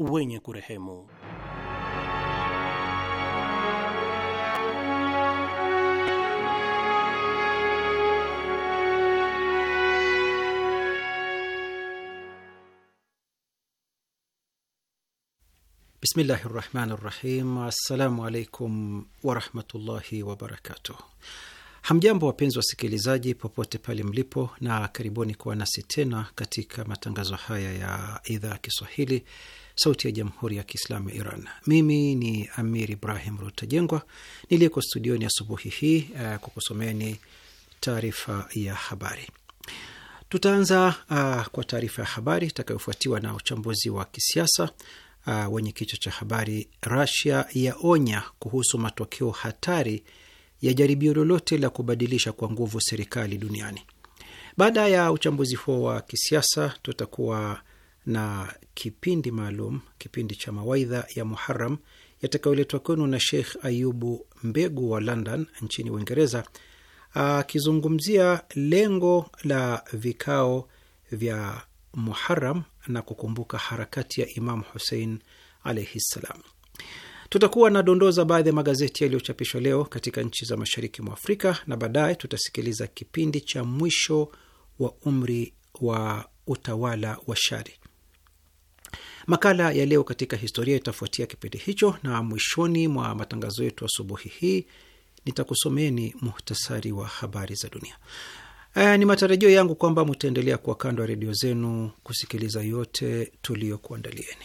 wenye kurehemu. Bismillahi rahmani rahim. Assalamu alaikum warahmatullahi wabarakatuh. Hamjambo wapenzi wasikilizaji, popote pale mlipo, na karibuni kuwa nasi tena katika matangazo haya ya idhaa ya Kiswahili, sauti ya jamhuri ya kiislamu ya Iran. Mimi ni Amir Ibrahim Rutajengwa niliyeko studioni asubuhi hii uh, kukusomeni taarifa ya habari. Tutaanza uh, kwa taarifa ya habari itakayofuatiwa na uchambuzi wa kisiasa uh, wenye kichwa cha habari rasia yaonya kuhusu matokeo hatari ya jaribio lolote la kubadilisha kwa nguvu serikali duniani. Baada ya uchambuzi huo wa kisiasa, tutakuwa na kipindi maalum, kipindi cha mawaidha ya Muharam yatakayoletwa kwenu na Sheikh Ayubu Mbegu wa London nchini Uingereza, akizungumzia lengo la vikao vya Muharam na kukumbuka harakati ya Imamu Husein alaihi ssalam. Tutakuwa na dondoo za baadhi ya magazeti yaliyochapishwa leo katika nchi za mashariki mwa Afrika, na baadaye tutasikiliza kipindi cha mwisho wa umri wa utawala wa shari. Makala ya leo katika historia itafuatia kipindi hicho, na mwishoni mwa matangazo yetu asubuhi hii nitakusomeni muhtasari wa habari za dunia. E, ni matarajio yangu kwamba mutaendelea kuwa kando ya redio zenu kusikiliza yote tuliyokuandalieni.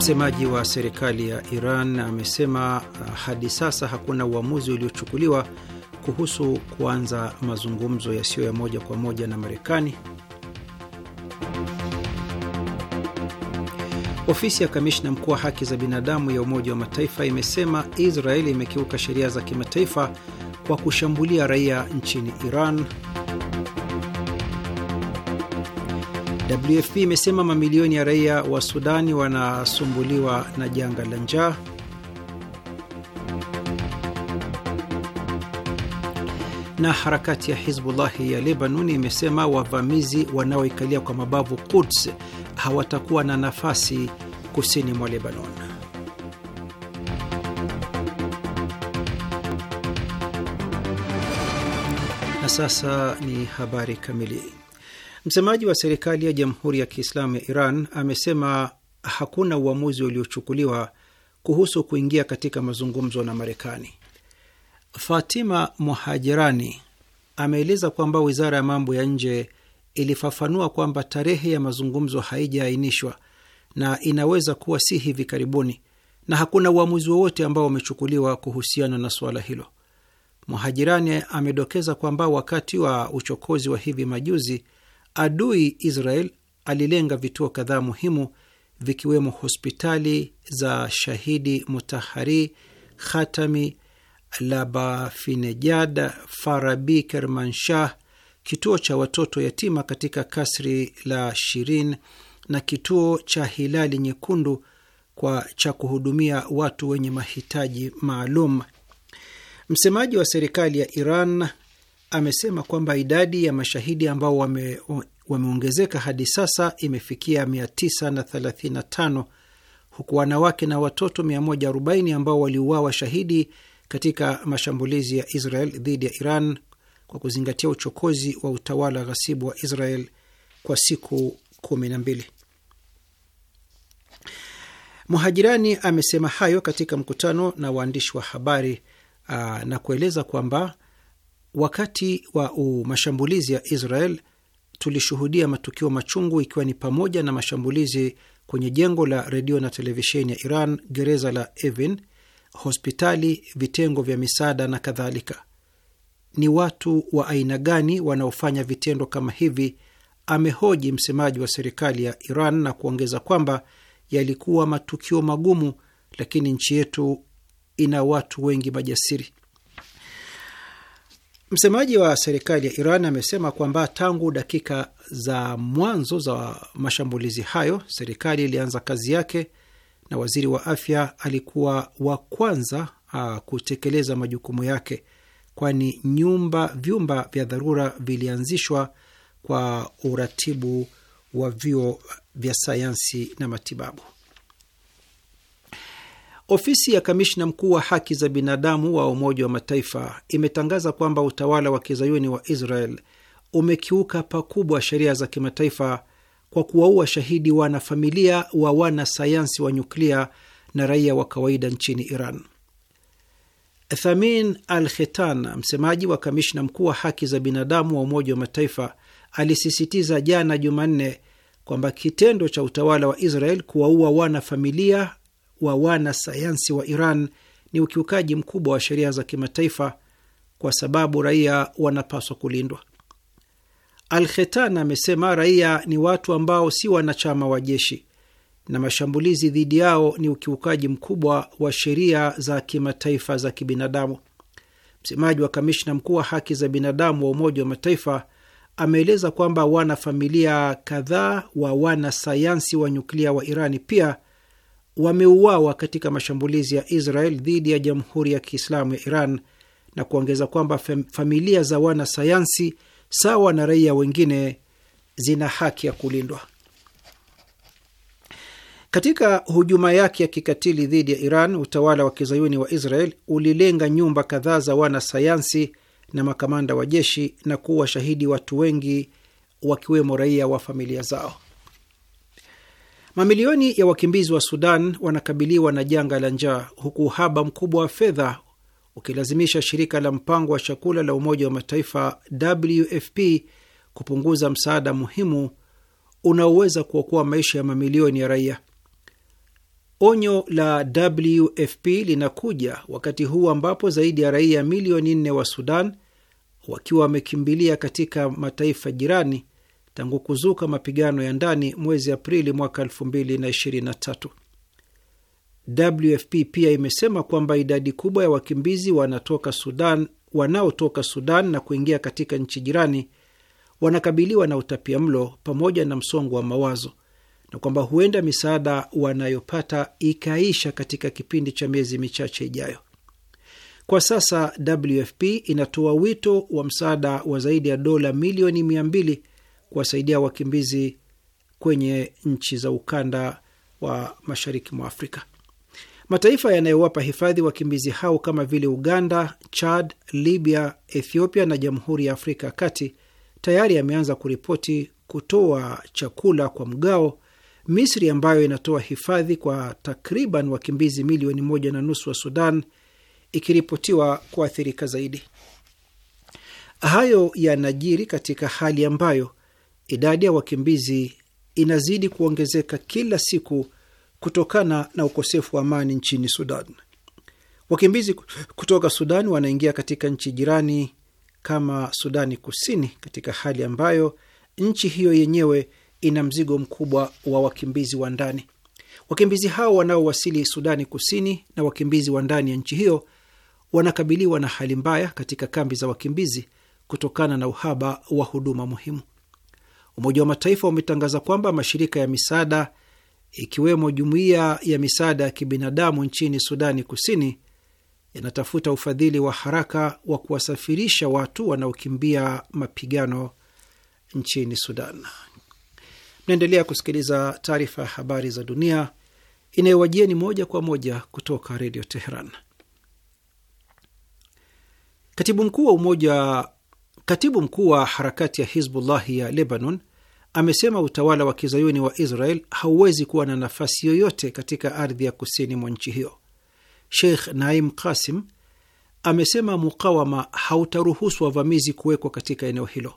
Msemaji wa serikali ya Iran amesema uh, hadi sasa hakuna uamuzi uliochukuliwa kuhusu kuanza mazungumzo yasiyo ya moja kwa moja na Marekani. Ofisi ya kamishna mkuu wa haki za binadamu ya Umoja wa Mataifa imesema Israeli imekiuka sheria za kimataifa kwa kushambulia raia nchini Iran WFP imesema mamilioni ya raia wa Sudani wanasumbuliwa na janga la njaa. Na harakati ya Hizbullahi ya lebanon imesema wavamizi wanaoikalia kwa mabavu Quds hawatakuwa na nafasi kusini mwa Lebanon. Na sasa ni habari kamili. Msemaji wa serikali ya Jamhuri ya Kiislamu ya Iran amesema hakuna uamuzi uliochukuliwa kuhusu kuingia katika mazungumzo na Marekani. Fatima Mohajirani ameeleza kwamba wizara ya mambo ya nje ilifafanua kwamba tarehe ya mazungumzo haijaainishwa na inaweza kuwa si hivi karibuni, na hakuna uamuzi wowote ambao umechukuliwa kuhusiana na suala hilo. Mohajirani amedokeza kwamba wakati wa uchokozi wa hivi majuzi Adui Israel alilenga vituo kadhaa muhimu vikiwemo hospitali za Shahidi Mutahari, Khatami, Labafinejad, Farabi Kermanshah, kituo cha watoto yatima katika kasri la Shirin na kituo cha Hilali Nyekundu kwa cha kuhudumia watu wenye mahitaji maalum. Msemaji wa serikali ya Iran amesema kwamba idadi ya mashahidi ambao wame, wameongezeka hadi sasa imefikia 935 huku wanawake na watoto 140 ambao waliuawa shahidi katika mashambulizi ya Israel dhidi ya Iran kwa kuzingatia uchokozi wa utawala ghasibu wa Israel kwa siku 12. Muhajirani amesema hayo katika mkutano na waandishi wa habari aa, na kueleza kwamba Wakati wa mashambulizi ya Israel tulishuhudia matukio machungu, ikiwa ni pamoja na mashambulizi kwenye jengo la redio na televisheni ya Iran, gereza la Evin, hospitali, vitengo vya misaada na kadhalika. Ni watu wa aina gani wanaofanya vitendo kama hivi? Amehoji msemaji wa serikali ya Iran na kuongeza kwamba yalikuwa matukio magumu, lakini nchi yetu ina watu wengi majasiri. Msemaji wa serikali ya Iran amesema kwamba tangu dakika za mwanzo za mashambulizi hayo, serikali ilianza kazi yake na waziri wa afya alikuwa wa kwanza a, uh, kutekeleza majukumu yake, kwani nyumba vyumba vya dharura vilianzishwa kwa uratibu wa vyuo vya sayansi na matibabu. Ofisi ya kamishna mkuu wa haki za binadamu wa Umoja wa Mataifa imetangaza kwamba utawala wa kizayuni wa Israel umekiuka pakubwa sheria za kimataifa kwa kuwaua shahidi wanafamilia wa wanasayansi wa nyuklia na raia wa kawaida nchini Iran. Thamin Al Khetan, msemaji wa kamishna mkuu wa haki za binadamu wa Umoja wa Mataifa, alisisitiza jana Jumanne kwamba kitendo cha utawala wa Israel kuwaua wanafamilia wa wanasayansi wa Iran ni ukiukaji mkubwa wa sheria za kimataifa, kwa sababu raia wanapaswa kulindwa. Al-Khetan amesema raia ni watu ambao si wanachama wa jeshi na mashambulizi dhidi yao ni ukiukaji mkubwa wa sheria za kimataifa za kibinadamu. Msemaji wa kamishna mkuu wa haki za binadamu wa Umoja wa Mataifa ameeleza kwamba wanafamilia kadhaa wa wanasayansi wa nyuklia wa Irani pia wameuawa katika mashambulizi ya Israel dhidi ya Jamhuri ya Kiislamu ya Iran na kuongeza kwamba familia za wanasayansi sawa na raia wengine zina haki ya kulindwa. Katika hujuma yake ya kikatili dhidi ya Iran, utawala wa kizayuni wa Israel ulilenga nyumba kadhaa za wanasayansi na makamanda wa jeshi na kuwa shahidi watu wengi wakiwemo raia wa familia zao. Mamilioni ya wakimbizi wa Sudan wanakabiliwa na janga la njaa, huku uhaba mkubwa wa fedha ukilazimisha shirika la mpango wa chakula la Umoja wa Mataifa WFP kupunguza msaada muhimu unaoweza kuokoa maisha ya mamilioni ya raia. Onyo la WFP linakuja wakati huu ambapo zaidi ya raia milioni nne wa Sudan wakiwa wamekimbilia katika mataifa jirani tangu kuzuka mapigano ya ndani mwezi Aprili mwaka 2023. WFP pia imesema kwamba idadi kubwa ya wakimbizi wanatoka Sudan, wanaotoka Sudan na kuingia katika nchi jirani wanakabiliwa na utapia mlo pamoja na msongo wa mawazo na kwamba huenda misaada wanayopata ikaisha katika kipindi cha miezi michache ijayo. Kwa sasa WFP inatoa wito wa msaada wa zaidi ya dola milioni mia mbili kuwasaidia wakimbizi kwenye nchi za ukanda wa mashariki mwa Afrika. Mataifa yanayowapa hifadhi wakimbizi hao kama vile Uganda, Chad, Libya, Ethiopia na Jamhuri ya Afrika ya Kati tayari yameanza kuripoti kutoa chakula kwa mgao. Misri ambayo inatoa hifadhi kwa takriban wakimbizi milioni moja na nusu wa Sudan ikiripotiwa kuathirika zaidi. Hayo yanajiri katika hali ambayo idadi ya wakimbizi inazidi kuongezeka kila siku kutokana na ukosefu wa amani nchini Sudan. Wakimbizi kutoka Sudan wanaingia katika nchi jirani kama Sudani Kusini, katika hali ambayo nchi hiyo yenyewe ina mzigo mkubwa wa wakimbizi wa ndani. Wakimbizi hao wanaowasili Sudani Kusini na wakimbizi wa ndani ya nchi hiyo wanakabiliwa na hali mbaya katika kambi za wakimbizi kutokana na uhaba wa huduma muhimu. Umoja wa Mataifa umetangaza kwamba mashirika ya misaada ikiwemo jumuiya ya misaada ya kibinadamu nchini Sudani Kusini yanatafuta ufadhili wa haraka wa kuwasafirisha watu wanaokimbia mapigano nchini Sudan. Mnaendelea kusikiliza taarifa ya habari za dunia inayowajieni moja kwa moja kutoka Redio Teheran. Katibu mkuu wa Umoja Katibu mkuu wa harakati ya Hizbullahi ya Lebanon amesema utawala wa kizayuni wa Israel hauwezi kuwa na nafasi yoyote katika ardhi ya kusini mwa nchi hiyo. Sheikh Naim Kasim amesema mukawama hautaruhusu wavamizi kuwekwa katika eneo hilo.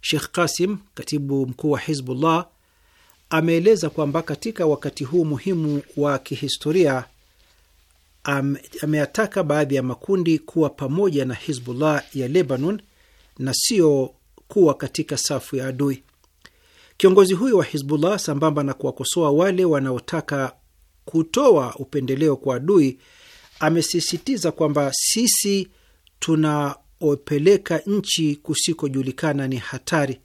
Sheikh Kasim, katibu mkuu wa Hizbullah, ameeleza kwamba katika wakati huu muhimu wa kihistoria ameataka baadhi ya makundi kuwa pamoja na Hizbullah ya Lebanon na sio kuwa katika safu ya adui. Kiongozi huyo wa Hizbullah, sambamba na kuwakosoa wale wanaotaka kutoa upendeleo kwa adui, amesisitiza kwamba sisi tunaopeleka nchi kusikojulikana ni hatari,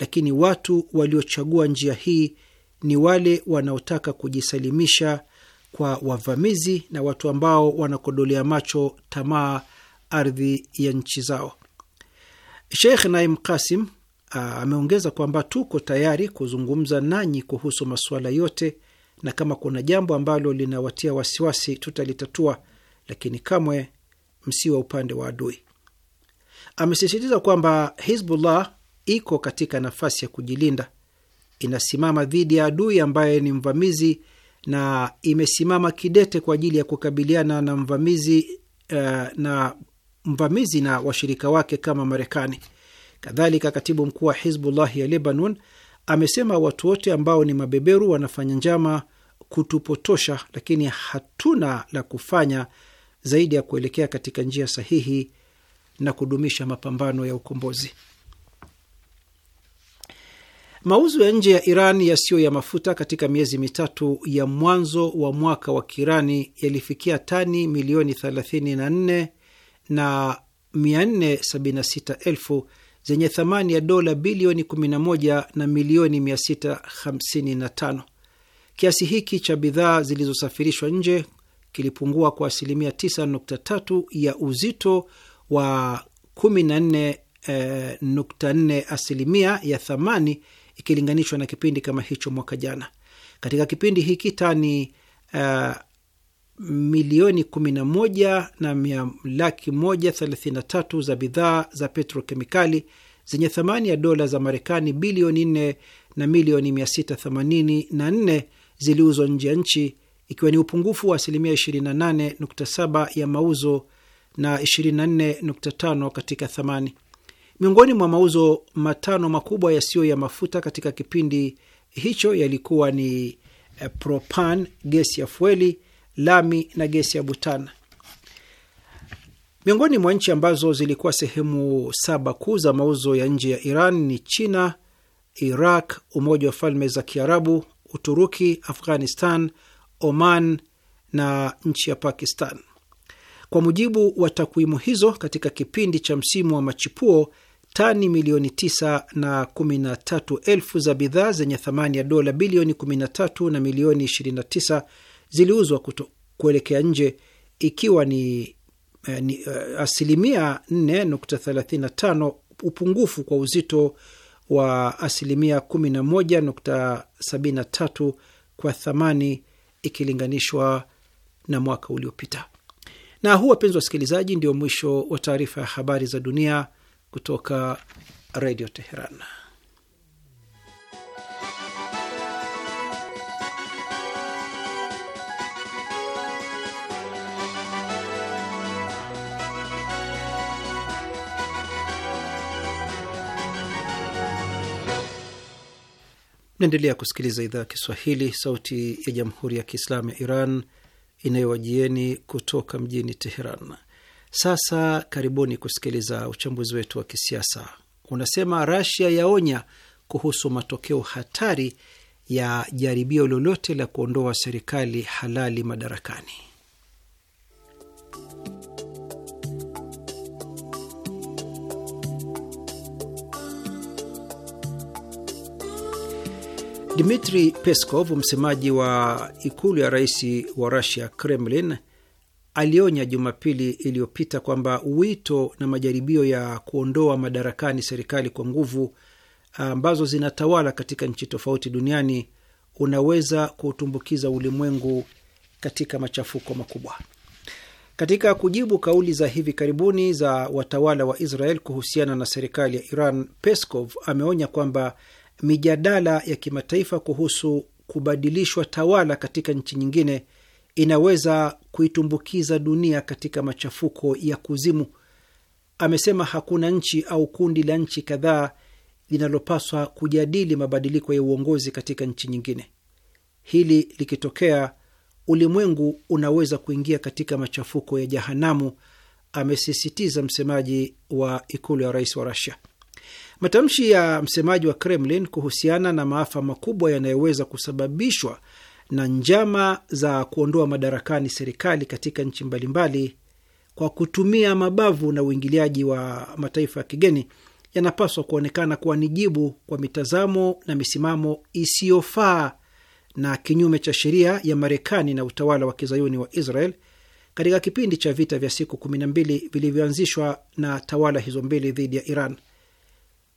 lakini watu waliochagua njia hii ni wale wanaotaka kujisalimisha kwa wavamizi na watu ambao wanakodolea macho tamaa ardhi ya nchi zao. Sheikh Naim Kasim ameongeza kwamba tuko tayari kuzungumza nanyi kuhusu masuala yote, na kama kuna jambo ambalo linawatia wasiwasi tutalitatua, lakini kamwe msiwe upande wa adui. Amesisitiza kwamba Hizbullah iko katika nafasi ya kujilinda, inasimama dhidi ya adui ambaye ni mvamizi na imesimama kidete kwa ajili ya kukabiliana na mvamizi uh, na mvamizi na washirika wake kama Marekani. Kadhalika, katibu mkuu wa Hizbullahi ya Lebanon amesema watu wote ambao ni mabeberu wanafanya njama kutupotosha, lakini hatuna la kufanya zaidi ya kuelekea katika njia sahihi na kudumisha mapambano ya ukombozi. Mauzo ya nje ya Iran yasiyo ya mafuta katika miezi mitatu ya mwanzo wa mwaka wa kirani yalifikia tani milioni 34 na 476,000 zenye thamani ya dola bilioni 11 na milioni 655. Kiasi hiki cha bidhaa zilizosafirishwa nje kilipungua kwa asilimia 9.3 ya uzito wa 14.4 eh, asilimia ya thamani ikilinganishwa na kipindi kama hicho mwaka jana. Katika kipindi hiki tani eh, milioni 11 na mia laki 133 za bidhaa za petrokemikali zenye thamani ya dola za Marekani bilioni 4 na milioni 684 ziliuzwa nje ya nchi ikiwa ni upungufu wa asilimia 28.7 ya mauzo na 24.5 katika thamani. Miongoni mwa mauzo matano makubwa yasiyo ya mafuta katika kipindi hicho yalikuwa ni eh, propan, gesi ya fueli lami na gesi ya butana. Miongoni mwa nchi ambazo zilikuwa sehemu saba kuu za mauzo ya nje ya Iran ni China, Iraq, Umoja wa Falme za Kiarabu, Uturuki, Afghanistan, Oman na nchi ya Pakistan. Kwa mujibu wa takwimu hizo, katika kipindi cha msimu wa machipuo, tani milioni 9 na 13 elfu za bidhaa zenye thamani ya dola bilioni 13 na milioni 29 ziliuzwa kuto, kuelekea nje ikiwa ni, eh, ni eh, asilimia 4.35 upungufu kwa uzito wa asilimia 11.73 kwa thamani ikilinganishwa na mwaka uliopita. Na huu, wapenzi wa wasikilizaji, ndio mwisho wa taarifa ya habari za dunia kutoka Redio Teheran. Naendelea kusikiliza idhaa ya Kiswahili, sauti ya jamhuri ya kiislamu ya Iran inayowajieni kutoka mjini Teheran. Sasa karibuni kusikiliza uchambuzi wetu wa kisiasa unasema: Rasia yaonya kuhusu matokeo hatari ya jaribio lolote la kuondoa serikali halali madarakani. Dmitri Peskov, msemaji wa ikulu ya rais wa Rusia, Kremlin, alionya Jumapili iliyopita kwamba wito na majaribio ya kuondoa madarakani serikali kwa nguvu ambazo zinatawala katika nchi tofauti duniani unaweza kuutumbukiza ulimwengu katika machafuko makubwa. Katika kujibu kauli za hivi karibuni za watawala wa Israel kuhusiana na serikali ya Iran, Peskov ameonya kwamba mijadala ya kimataifa kuhusu kubadilishwa tawala katika nchi nyingine inaweza kuitumbukiza dunia katika machafuko ya kuzimu. Amesema hakuna nchi au kundi la nchi kadhaa linalopaswa kujadili mabadiliko ya uongozi katika nchi nyingine. Hili likitokea, ulimwengu unaweza kuingia katika machafuko ya jahanamu, amesisitiza msemaji wa ikulu ya rais wa Russia. Matamshi ya msemaji wa Kremlin kuhusiana na maafa makubwa yanayoweza kusababishwa na njama za kuondoa madarakani serikali katika nchi mbalimbali kwa kutumia mabavu na uingiliaji wa mataifa ya kigeni yanapaswa kuonekana kuwa ni jibu kwa mitazamo na misimamo isiyofaa na kinyume cha sheria ya Marekani na utawala wa kizayuni wa Israel katika kipindi cha vita vya siku 12 vilivyoanzishwa na tawala hizo mbili dhidi ya Iran.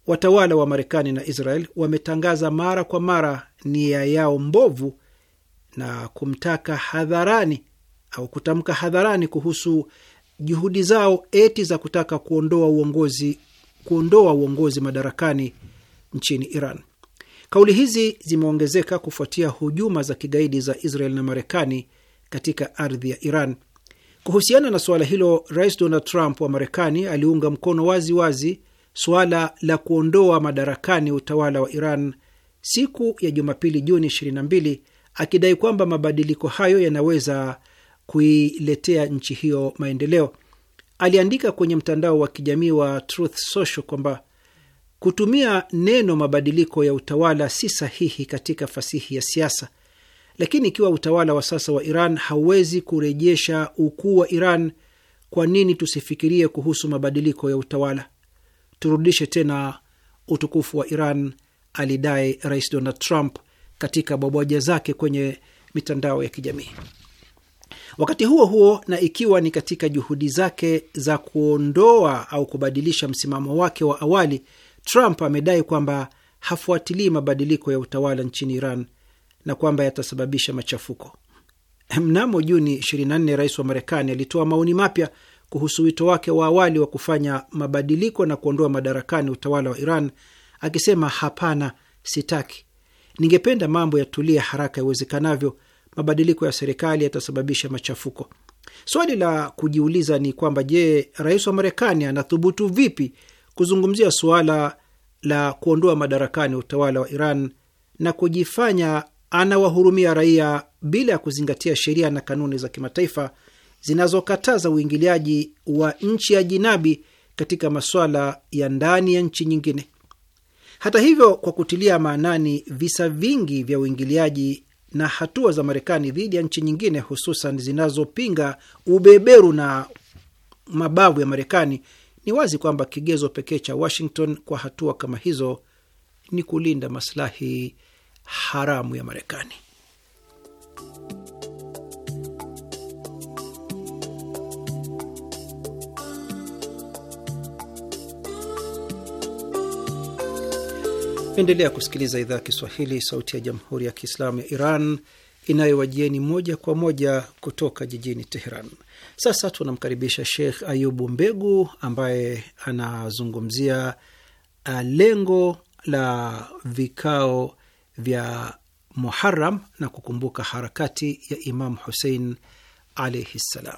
Watawala wa Marekani na Israel wametangaza mara kwa mara nia yao mbovu na kumtaka hadharani au kutamka hadharani kuhusu juhudi zao eti za kutaka kuondoa uongozi, kuondoa uongozi madarakani nchini Iran. Kauli hizi zimeongezeka kufuatia hujuma za kigaidi za Israel na Marekani katika ardhi ya Iran. Kuhusiana na suala hilo, Rais Donald Trump wa Marekani aliunga mkono waziwazi wazi suala la kuondoa madarakani utawala wa Iran siku ya Jumapili, Juni 22, akidai kwamba mabadiliko hayo yanaweza kuiletea nchi hiyo maendeleo. Aliandika kwenye mtandao wa kijamii wa Truth Social kwamba kutumia neno mabadiliko ya utawala si sahihi katika fasihi ya siasa, lakini ikiwa utawala wa sasa wa Iran hauwezi kurejesha ukuu wa Iran, kwa nini tusifikirie kuhusu mabadiliko ya utawala? turudishe tena utukufu wa Iran, alidai Rais Donald Trump katika bwabwaja zake kwenye mitandao ya kijamii. Wakati huo huo, na ikiwa ni katika juhudi zake za kuondoa au kubadilisha msimamo wake wa awali, Trump amedai kwamba hafuatilii mabadiliko ya utawala nchini Iran na kwamba yatasababisha machafuko. Mnamo Juni 24 rais wa Marekani alitoa maoni mapya kuhusu wito wake wa awali wa kufanya mabadiliko na kuondoa madarakani utawala wa Iran akisema, hapana, sitaki. Ningependa mambo yatulie haraka iwezekanavyo. Mabadiliko ya serikali yatasababisha machafuko. Swali la kujiuliza ni kwamba je, rais wa Marekani anathubutu vipi kuzungumzia suala la kuondoa madarakani utawala wa Iran na kujifanya anawahurumia raia bila ya kuzingatia sheria na kanuni za kimataifa zinazokataza uingiliaji wa nchi ya jinabi katika masuala ya ndani ya nchi nyingine. Hata hivyo, kwa kutilia maanani visa vingi vya uingiliaji na hatua za Marekani dhidi ya nchi nyingine, hususan zinazopinga ubeberu na mabavu ya Marekani, ni wazi kwamba kigezo pekee cha Washington kwa hatua kama hizo ni kulinda masilahi haramu ya Marekani. Naendelea kusikiliza idhaa ya Kiswahili, sauti ya jamhuri ya kiislamu ya Iran inayowajieni moja kwa moja kutoka jijini Teheran. Sasa tunamkaribisha Sheikh Ayubu Mbegu ambaye anazungumzia uh, lengo la vikao vya Muharam na kukumbuka harakati ya Imamu Husein alaihi ssalam.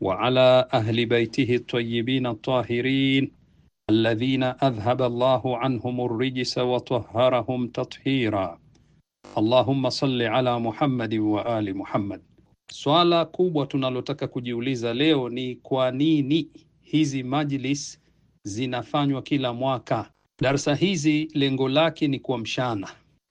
wa ala ahli baitihi at-tayyibin at-tahirin alladhina adhhaba Allahu anhum ar-rijsa wa tahharahum tathira Allahumma salli ala Muhammad wa ali Muhammad. Swala kubwa tunalotaka kujiuliza leo ni kwa nini hizi majlis zinafanywa kila mwaka? Darsa hizi lengo lake ni kuamshana.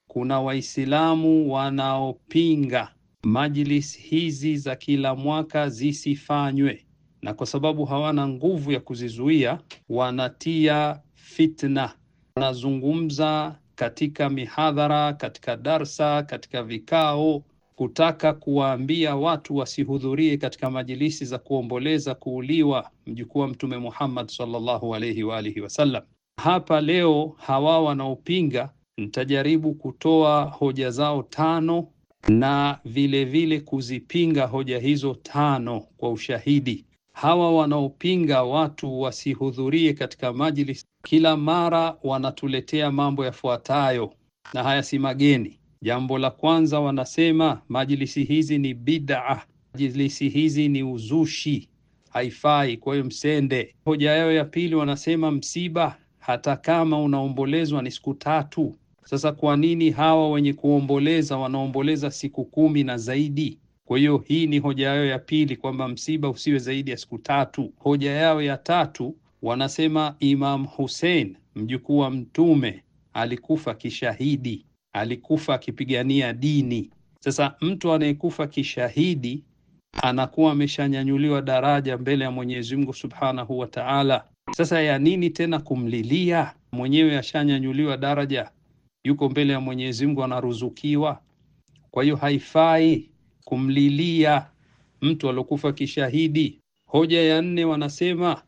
Kuna Waislamu wanaopinga Majlis hizi za kila mwaka zisifanywe, na kwa sababu hawana nguvu ya kuzizuia, wanatia fitna, wanazungumza katika mihadhara, katika darsa, katika vikao, kutaka kuwaambia watu wasihudhurie katika majilisi za kuomboleza kuuliwa mjukuu wa Mtume Muhammad sallallahu alaihi wa alihi wasallam. Hapa leo hawa wanaopinga, nitajaribu kutoa hoja zao tano na vilevile vile kuzipinga hoja hizo tano kwa ushahidi. Hawa wanaopinga watu wasihudhurie katika majlis, kila mara wanatuletea mambo yafuatayo, na haya si mageni. Jambo la kwanza, wanasema majlisi hizi ni bid'a, majlisi hizi ni uzushi, haifai, kwa hiyo msende. Hoja yao ya pili, wanasema msiba hata kama unaombolezwa ni siku tatu sasa kwa nini hawa wenye kuomboleza wanaomboleza siku kumi na zaidi? Kwa hiyo hii ni hoja yao ya pili, kwamba msiba usiwe zaidi ya siku tatu. Hoja yao ya tatu wanasema Imam Hussein mjukuu wa Mtume alikufa kishahidi, alikufa akipigania dini. Sasa mtu anayekufa kishahidi anakuwa ameshanyanyuliwa daraja mbele ya Mwenyezi Mungu Subhanahu wa Ta'ala. Sasa ya nini tena kumlilia? Mwenyewe ashanyanyuliwa daraja yuko mbele ya Mwenyezi Mungu anaruzukiwa. Kwa hiyo haifai kumlilia mtu aliokufa kishahidi. Hoja ya nne, wanasema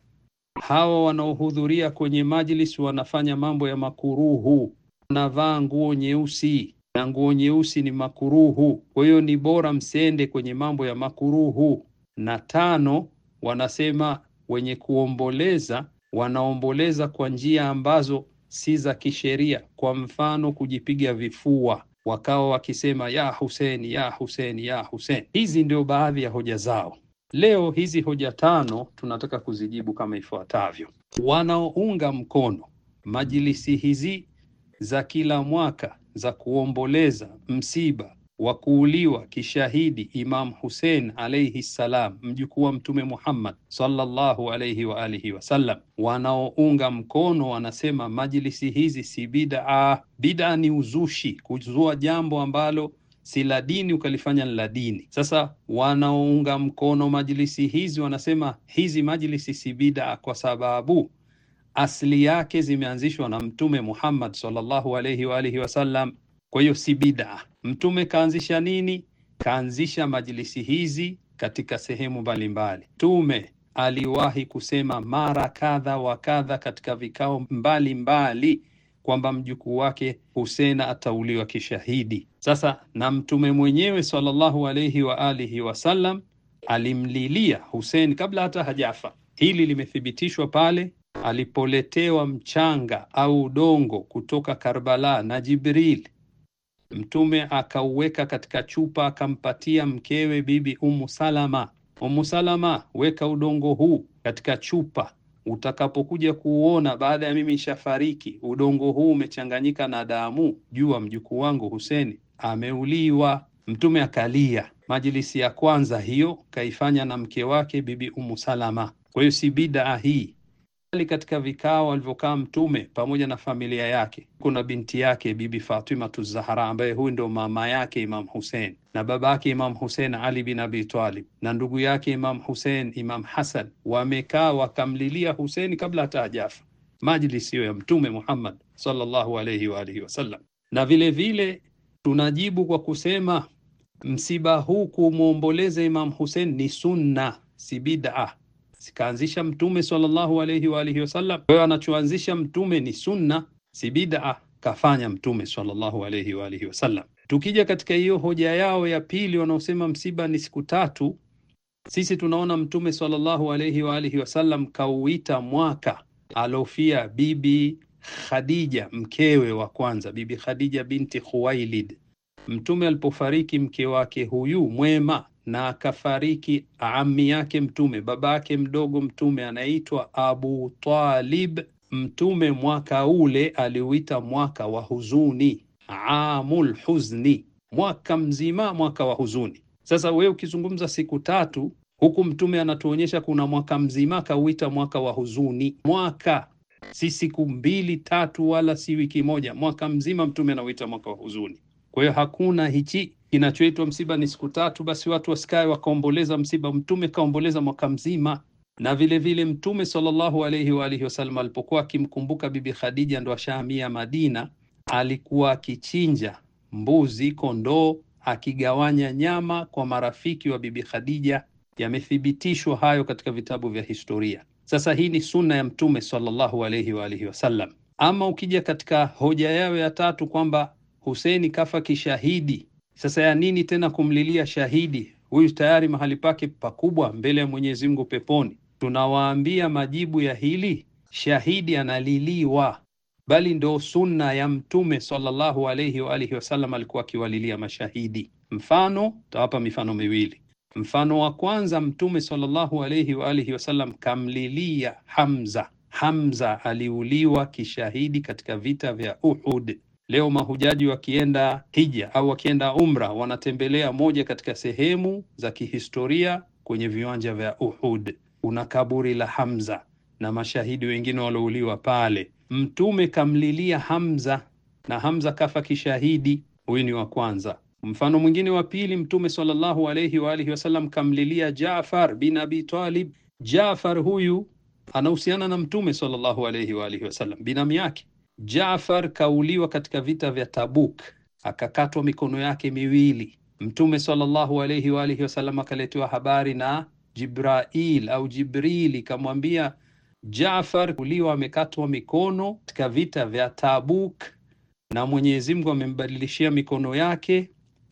hawa wanaohudhuria kwenye majlis wanafanya mambo ya makuruhu, wanavaa nguo nyeusi na nguo nyeusi ni makuruhu, kwa hiyo ni bora msende kwenye mambo ya makuruhu. Na tano, wanasema wenye kuomboleza wanaomboleza kwa njia ambazo si za kisheria, kwa mfano kujipiga vifua wakawa wakisema ya Hussein, ya Hussein, ya Hussein. Hizi ndio baadhi ya hoja zao. Leo hizi hoja tano tunataka kuzijibu kama ifuatavyo. Wanaounga mkono majilisi hizi za kila mwaka za kuomboleza msiba wa kuuliwa kishahidi Imam Hussein alayhi salam, mjukuu wa Mtume Muhammad sallallahu alayhi wa alihi wasallam. Wanaounga mkono wanasema majlisi hizi si bid'a. Bid'a ni uzushi, kuzua jambo ambalo si la dini ukalifanya la dini. Sasa wanaounga mkono majlisi hizi wanasema hizi majlisi si bid'a, kwa sababu asili yake zimeanzishwa na Mtume Muhammad sallallahu alayhi wa alihi wasallam kwa hiyo si bidaa. Mtume kaanzisha nini? Kaanzisha majlisi hizi katika sehemu mbalimbali. Mtume aliwahi kusema mara kadha wa kadha katika vikao mbalimbali kwamba mjukuu wake Husena atauliwa kishahidi. Sasa na mtume mwenyewe sallallahu alayhi wa alihi wasallam alimlilia Husein kabla hata hajafa. Hili limethibitishwa pale alipoletewa mchanga au udongo kutoka Karbala na Jibril Mtume akauweka katika chupa akampatia mkewe Bibi Umu Salama. Umu Salama, weka udongo huu katika chupa, utakapokuja kuuona baada ya mimi nishafariki, udongo huu umechanganyika na damu, jua mjukuu wangu Huseni ameuliwa. Mtume akalia. Majilisi ya kwanza hiyo kaifanya na mke wake Bibi Umu Salama. Kwa hiyo si bidaa hii katika vikao alivyokaa Mtume pamoja na familia yake, kuna binti yake Bibi Fatima Tuzahara ambaye huyu ndo mama yake Imam Hussein na baba yake Imam Hussein Ali bin Abi Talib na ndugu yake Imam Hussein Imam Hasan, wamekaa wakamlilia Hussein kabla hata ajafa, majlisi hiyo ya Mtume Muhammad sallallahu alayhi wa alihi wasallam. Na vile vile tunajibu kwa kusema msiba huu kumwomboleza Imam Hussein ni sunna, si bid'ah zikaanzisha Mtume sallallahu alayhi wa alihi wasallam. Kwa hiyo anachoanzisha Mtume ni sunna, si bid'a, kafanya Mtume sallallahu alayhi wa alihi wasallam. Tukija katika hiyo hoja yao ya pili, wanaosema msiba ni siku tatu, sisi tunaona Mtume sallallahu alayhi wa alihi wasallam kauita mwaka alofia bibi Khadija mkewe wa kwanza, bibi Khadija binti Khuwailid. Mtume alipofariki mke wake huyu mwema na akafariki ammi yake Mtume, baba yake mdogo Mtume anaitwa Abu Talib. Mtume mwaka ule aliuita mwaka wa huzuni, amul huzni, mwaka mzima, mwaka wa huzuni. Sasa wewe ukizungumza siku tatu huku, Mtume anatuonyesha kuna mwaka mzima akauita mwaka wa huzuni. Mwaka si siku mbili tatu, wala si wiki moja, mwaka mzima Mtume anauita mwaka wa huzuni. Kwa hiyo hakuna hichi kinachoitwa msiba ni siku tatu, basi watu wasikae wakaomboleza msiba. Mtume kaomboleza mwaka mzima na vile vile Mtume sallallahu alaihi wa alihi wasallam alipokuwa akimkumbuka Bibi Khadija ndo ashahamia Madina, alikuwa akichinja mbuzi, kondoo, akigawanya nyama kwa marafiki wa Bibi Khadija. Yamethibitishwa hayo katika vitabu vya historia. Sasa hii ni sunna ya Mtume sallallahu alaihi wa alihi wasallam. Ama ukija katika hoja yao ya tatu kwamba Hussein kafa kishahidi. Sasa ya nini tena kumlilia shahidi? Huyu tayari mahali pake pakubwa mbele ya Mwenyezi Mungu peponi. Tunawaambia majibu ya hili, shahidi analiliwa, bali ndo sunna ya Mtume sallallahu alayhi wa alihi wasallam, alikuwa akiwalilia mashahidi. Mfano, tawapa mifano miwili. Mfano wa kwanza, Mtume sallallahu alayhi wa alihi wasallam kamlilia Hamza. Hamza aliuliwa kishahidi katika vita vya Uhud. Leo mahujaji wakienda hija au wakienda umra wanatembelea moja katika sehemu za kihistoria kwenye viwanja vya Uhud. Kuna kaburi la Hamza na mashahidi wengine walouliwa pale. Mtume kamlilia Hamza na Hamza kafa kishahidi. Huyu ni wa kwanza. Mfano mwingine wa pili, Mtume sallallahu alayhi wa alihi wasallam kamlilia jafar bin Abi Talib. jafar huyu anahusiana na Mtume sallallahu alayhi wa alihi wasallam, binamu yake Jaafar kauliwa katika vita vya Tabuk, akakatwa mikono yake miwili. Mtume sallallahu alayhi wa alihi wasallam akaletewa habari na Jibrail au jibril ikamwambia Jaafar uliwa amekatwa mikono katika vita vya Tabuk, na Mwenyezi Mungu amembadilishia mikono yake,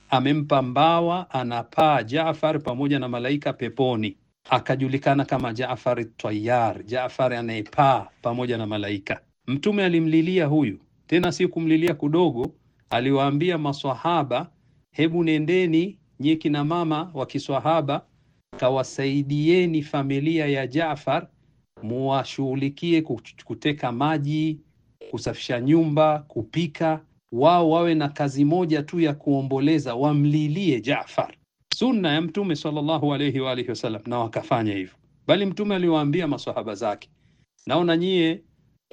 amempa mbawa, anapaa Jaafar pamoja na malaika peponi, akajulikana kama Jaafar Tayar, Jaafar anayepaa pamoja na malaika. Mtume alimlilia huyu, tena si kumlilia kudogo. Aliwaambia maswahaba, hebu nendeni nyie kina mama wa kiswahaba kawasaidieni familia ya Jaafar, muwashughulikie kuteka maji, kusafisha nyumba, kupika. Wao wawe na kazi moja tu ya kuomboleza, wamlilie Jaafar, sunna ya Mtume sallallahu alayhi wa alihi wasallam. Na wakafanya hivyo, bali Mtume aliwaambia maswahaba zake, naona nyie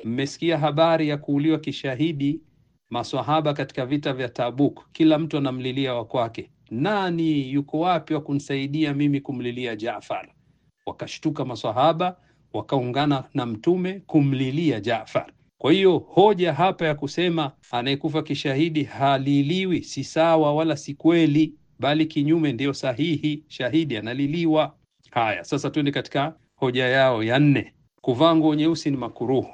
Mmesikia habari ya kuuliwa kishahidi maswahaba katika vita vya Tabuk. Kila mtu anamlilia wa kwake, nani yuko wapi wa kunsaidia mimi kumlilia Jaafar? Wakashtuka maswahaba wakaungana na Mtume kumlilia Jaafar. Kwa hiyo hoja hapa ya kusema anayekufa kishahidi haliliwi si sawa wala si kweli, bali kinyume ndiyo sahihi, shahidi analiliwa. Haya, sasa tuende katika hoja yao ya nne. Kuvaa nguo nyeusi ni makuruhu.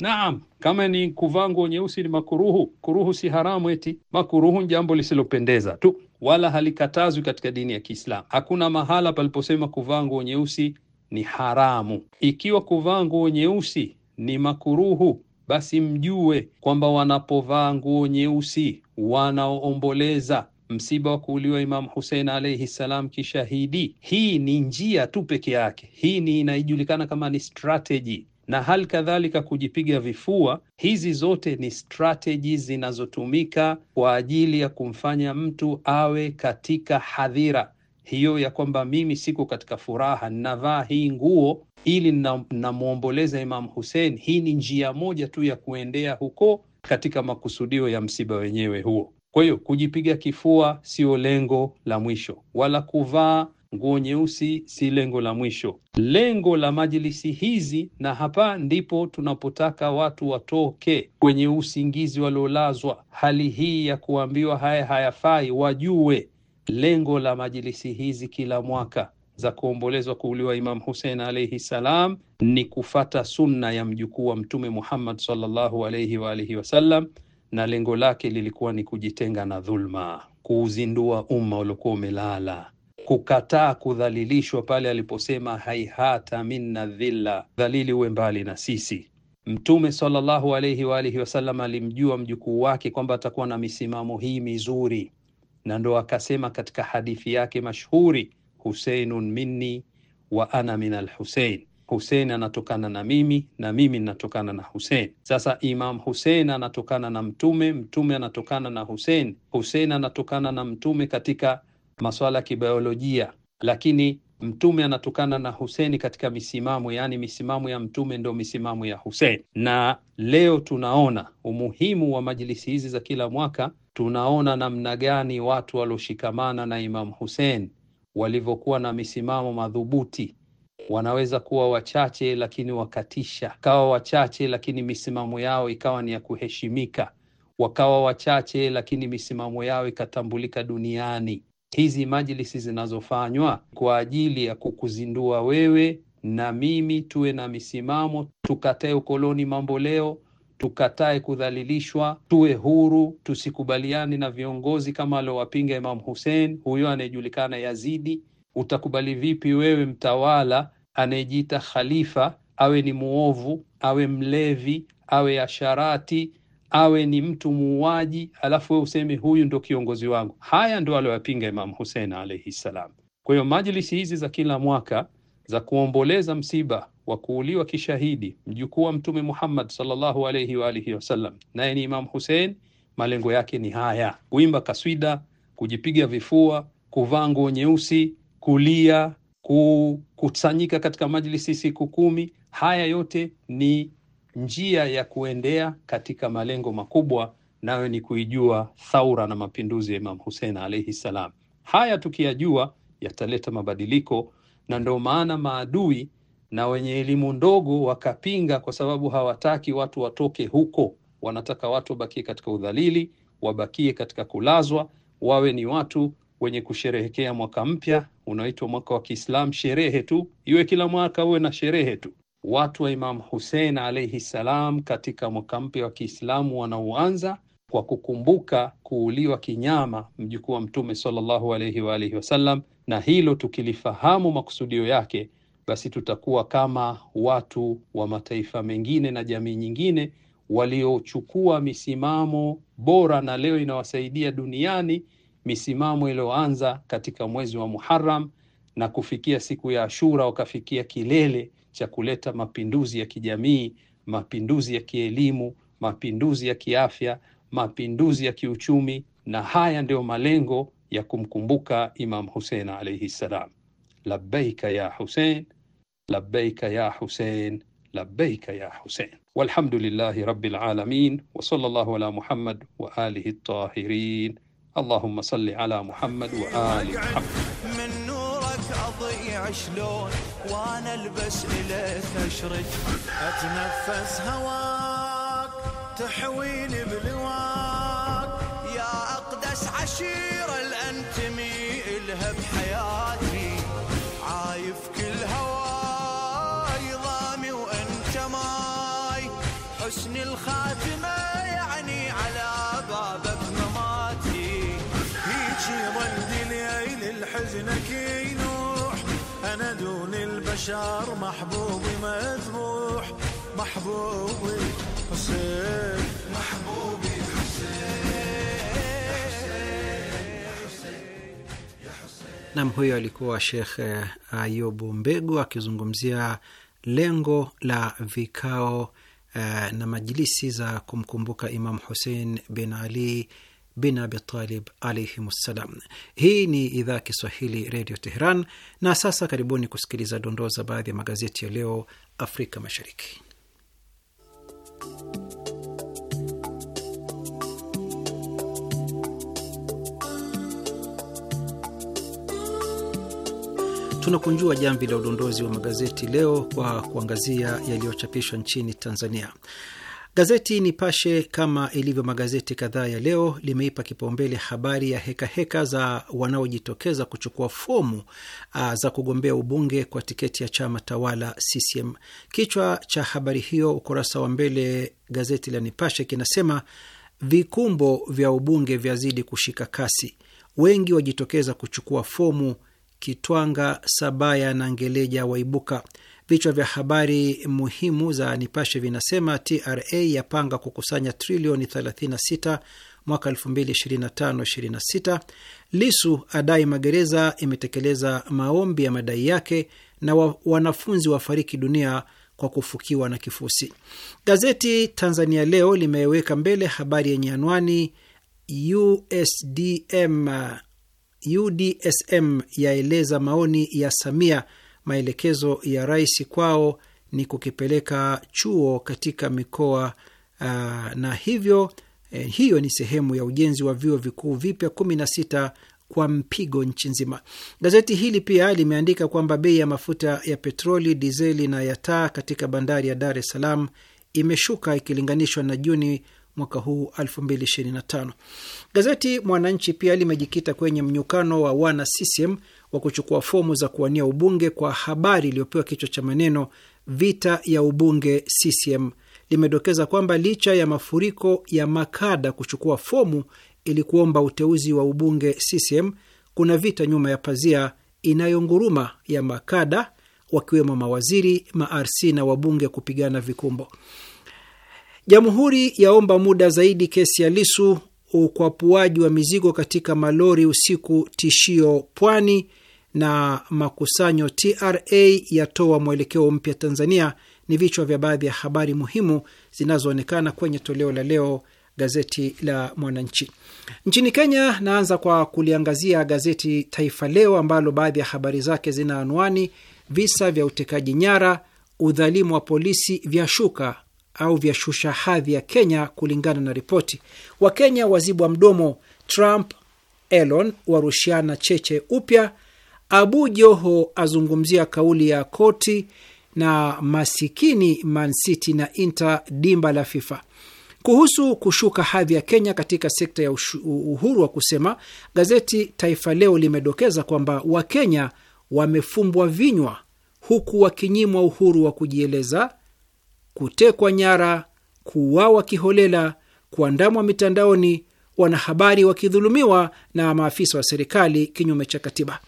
Naam, kama ni kuvaa nguo nyeusi ni makuruhu. Kuruhu si haramu, eti makuruhu ni jambo lisilopendeza tu, wala halikatazwi katika dini ya Kiislamu. Hakuna mahala paliposema kuvaa nguo nyeusi ni haramu. Ikiwa kuvaa nguo nyeusi ni makuruhu, basi mjue kwamba wanapovaa nguo nyeusi wanaoomboleza msiba wa kuuliwa imam Husein alaihi salam kishahidi. Hii ni njia tu peke yake, hii ni inajulikana kama ni strategy na hali kadhalika kujipiga vifua. Hizi zote ni strateji zinazotumika kwa ajili ya kumfanya mtu awe katika hadhira hiyo ya kwamba mimi siko katika furaha, ninavaa hii nguo ili namwomboleza na Imam Hussein. Hii ni njia moja tu ya kuendea huko katika makusudio ya msiba wenyewe huo. Kwa hiyo kujipiga kifua sio lengo la mwisho, wala kuvaa nguo nyeusi si lengo la mwisho. Lengo la majilisi hizi, na hapa ndipo tunapotaka watu watoke kwenye usingizi waliolazwa, hali hii ya kuambiwa haya hayafai, wajue lengo la majilisi hizi kila mwaka za kuombolezwa kuuliwa Imam Husein alaihi salam ni kufata sunna ya mjukuu wa Mtume Muhammad sallallahu alaihi wa alihi wasallam, na lengo lake lilikuwa ni kujitenga na dhulma, kuuzindua umma uliokuwa umelala kukataa kudhalilishwa pale aliposema haihata minna dhilla, dhalili uwe mbali na sisi. Mtume sallallahu alayhi wa alihi wasallam alimjua mjukuu wake kwamba atakuwa na misimamo hii mizuri, na ndo akasema katika hadithi yake mashhuri, Husainun minni wa ana min alhusein, Husein anatokana na mimi na mimi ninatokana na Husein. Sasa Imam Husein anatokana na Mtume, Mtume anatokana na Husein, Husein anatokana na Mtume katika masuala ya kibiolojia, lakini Mtume anatokana na Huseni katika misimamo, yaani misimamo ya Mtume ndio misimamo ya Huseni. Na leo tunaona umuhimu wa majlisi hizi za kila mwaka, tunaona namna gani watu walioshikamana na Imamu Hussein walivyokuwa na misimamo madhubuti. Wanaweza kuwa wachache lakini wakatisha, kawa wachache lakini misimamo yao ikawa ni ya kuheshimika, wakawa wachache lakini misimamo yao ikatambulika duniani hizi majlisi zinazofanywa kwa ajili ya kukuzindua wewe na mimi tuwe na misimamo, tukatae ukoloni mambo leo, tukatae kudhalilishwa, tuwe huru, tusikubaliani na viongozi kama aliowapinga Imam Hussein, huyo anayejulikana Yazidi. Utakubali vipi wewe mtawala anayejiita khalifa awe ni muovu, awe mlevi, awe asharati awe ni mtu muuaji, alafu wewe useme huyu ndo kiongozi wangu. Haya ndo aliyoyapinga Imam Hussein alaihi ssalam. Kwa hiyo majlisi hizi za kila mwaka za kuomboleza msiba wa kuuliwa kishahidi mjukuu wa Mtume Muhammad sallallahu alaihi wa alihi wasallam, naye ni Imam Hussein, malengo yake ni haya: kuimba kaswida, kujipiga vifua, kuvaa nguo nyeusi, kulia, kukusanyika katika majlisi siku kumi. Haya yote ni njia ya kuendea katika malengo makubwa, nayo ni kuijua thaura na mapinduzi ya Imam Hussein alaihi salam. Haya tukiyajua yataleta mabadiliko, na ndio maana maadui na wenye elimu ndogo wakapinga, kwa sababu hawataki watu watoke huko, wanataka watu wabakie katika udhalili, wabakie katika kulazwa, wawe ni watu wenye kusherehekea mwaka mpya unaitwa mwaka wa Kiislamu. Sherehe tu iwe kila mwaka uwe na sherehe tu watu wa Imam husein alaihi ssalam katika mwaka mpya wa Kiislamu wanaoanza kwa kukumbuka kuuliwa kinyama mjukuu wa Mtume sallallahu alaihi wa alihi wasallam, na hilo tukilifahamu makusudio yake, basi tutakuwa kama watu wa mataifa mengine na jamii nyingine waliochukua misimamo bora na leo inawasaidia duniani, misimamo iliyoanza katika mwezi wa Muharram na kufikia siku ya Ashura, wakafikia kilele cha kuleta mapinduzi ya kijamii, mapinduzi ya kielimu, mapinduzi ya kiafya, mapinduzi ya kiuchumi, na haya ndiyo malengo ya kumkumbuka Imam Husein alaihi ssalam. Labbaika ya Husein, labbaika ya Husein, labbaika ya Husein. Walhamdulillahi rabbil alamin wa sallallahu ala Muhammad wa alihi tahirin. Allahumma salli ala Muhammad wa ali Muhammad. شلون وانا البس اليك اشرج اتنفس هواك تحويني بلواك يا اقدس عشيره الانتمي بشار محبوبي مذبوح محبوبي حسين محبوبي Nam, huyo alikuwa Shekh eh, Ayubu Mbegu akizungumzia lengo la vikao uh, na majilisi za kumkumbuka Imam Husein bin Ali bin Abitalib alaihim ssalam. Hii ni idhaa Kiswahili Redio Teheran. Na sasa karibuni kusikiliza dondoo za baadhi ya magazeti ya leo Afrika Mashariki. Tunakunjua jamvi la udondozi wa magazeti leo kwa kuangazia yaliyochapishwa nchini Tanzania. Gazeti Nipashe, kama ilivyo magazeti kadhaa ya leo, limeipa kipaumbele habari ya hekaheka heka za wanaojitokeza kuchukua fomu za kugombea ubunge kwa tiketi ya chama tawala CCM. Kichwa cha habari hiyo ukurasa wa mbele gazeti la Nipashe kinasema vikumbo vya ubunge vyazidi kushika kasi, wengi wajitokeza kuchukua fomu. Kitwanga, Sabaya na Ngeleja waibuka. Vichwa vya habari muhimu za Nipashe vinasema TRA yapanga kukusanya trilioni 36 mwaka 2025/26, Lisu adai magereza imetekeleza maombi ya madai yake, na wa, wanafunzi wafariki dunia kwa kufukiwa na kifusi. Gazeti Tanzania Leo limeweka mbele habari yenye anwani USDM, UDSM yaeleza maoni ya Samia maelekezo ya rais kwao ni kukipeleka chuo katika mikoa uh, na hivyo eh, hiyo ni sehemu ya ujenzi wa vyuo vikuu vipya kumi na sita kwa mpigo nchi nzima. Gazeti hili pia limeandika kwamba bei ya mafuta ya petroli, dizeli na ya taa katika bandari ya Dar es Salaam imeshuka ikilinganishwa na Juni mwaka huu 2025. Gazeti Mwananchi pia limejikita kwenye mnyukano wa wana CCM wa kuchukua fomu za kuwania ubunge kwa habari iliyopewa kichwa cha maneno vita ya ubunge CCM limedokeza kwamba licha ya mafuriko ya makada kuchukua fomu ili kuomba uteuzi wa ubunge CCM, kuna vita nyuma ya pazia inayonguruma ya makada wakiwemo mawaziri, ma-RC na wabunge kupigana vikumbo. Jamhuri yaomba muda zaidi kesi ya Lisu, ukwapuaji wa mizigo katika malori usiku tishio pwani, na makusanyo TRA yatoa mwelekeo mpya Tanzania, ni vichwa vya baadhi ya habari muhimu zinazoonekana kwenye toleo la leo gazeti la Mwananchi. Nchini Kenya, naanza kwa kuliangazia gazeti Taifa Leo ambalo baadhi ya habari zake zina anwani: visa vya utekaji nyara, udhalimu wa polisi vya shuka au vyashusha hadhi ya Kenya, kulingana na ripoti. Wakenya wazibwa mdomo, Trump Elon warushiana cheche upya, Abu Joho azungumzia kauli ya koti na masikini Man City na Inter dimba la FIFA. Kuhusu kushuka hadhi ya Kenya katika sekta ya uhuru wa kusema, gazeti Taifa Leo limedokeza kwamba Wakenya wamefumbwa vinywa huku wakinyimwa uhuru wa kujieleza, kutekwa nyara, kuuawa kiholela, kuandamwa mitandaoni, wanahabari wakidhulumiwa na maafisa wa serikali kinyume cha katiba.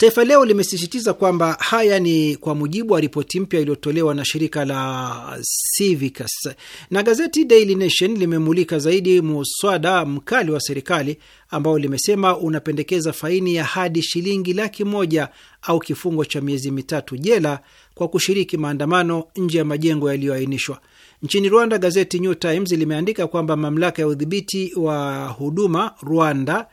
Taifa Leo limesisitiza kwamba haya ni kwa mujibu wa ripoti mpya iliyotolewa na shirika la Civicus, na gazeti Daily Nation limemulika zaidi muswada mkali wa serikali ambao limesema unapendekeza faini ya hadi shilingi laki moja au kifungo cha miezi mitatu jela kwa kushiriki maandamano nje ya majengo yaliyoainishwa. Nchini Rwanda, gazeti New Times limeandika kwamba mamlaka ya udhibiti wa huduma Rwanda,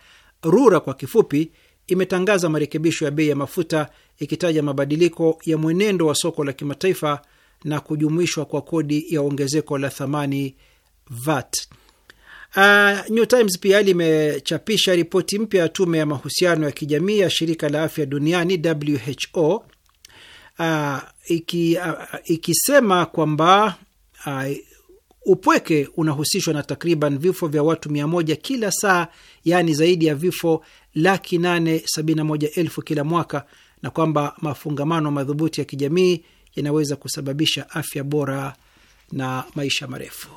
RURA kwa kifupi, imetangaza marekebisho ya bei ya mafuta ikitaja mabadiliko ya mwenendo wa soko la kimataifa na kujumuishwa kwa kodi ya ongezeko la thamani VAT. Uh, New Times pia limechapisha ripoti mpya ya tume ya mahusiano ya kijamii ya shirika la afya duniani WHO, uh, iki, uh, ikisema kwamba uh, upweke unahusishwa na takriban vifo vya watu mia moja kila saa, yaani zaidi ya vifo laki nane sabini na moja elfu kila mwaka na kwamba mafungamano madhubuti ya kijamii yanaweza kusababisha afya bora na maisha marefu.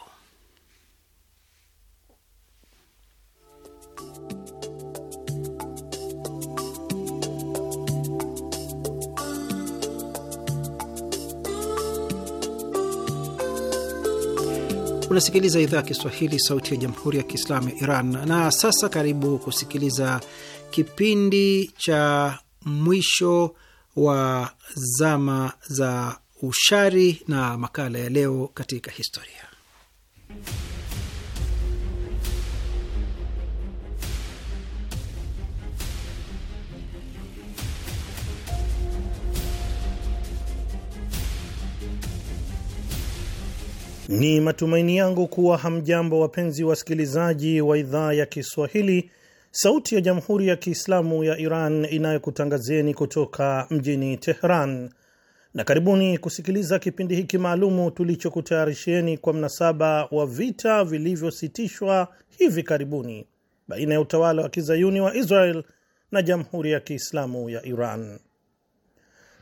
Unasikiliza idhaa ya Kiswahili, sauti ya jamhuri ya kiislamu ya Iran. Na sasa karibu kusikiliza kipindi cha mwisho wa zama za ushari na makala ya leo katika historia. Ni matumaini yangu kuwa hamjambo, wapenzi wasikilizaji wa idhaa ya Kiswahili, sauti ya jamhuri ya Kiislamu ya Iran inayokutangazieni kutoka mjini Tehran, na karibuni kusikiliza kipindi hiki maalumu tulichokutayarishieni kwa mnasaba wa vita vilivyositishwa hivi karibuni baina ya utawala wa kizayuni wa Israel na jamhuri ya Kiislamu ya Iran.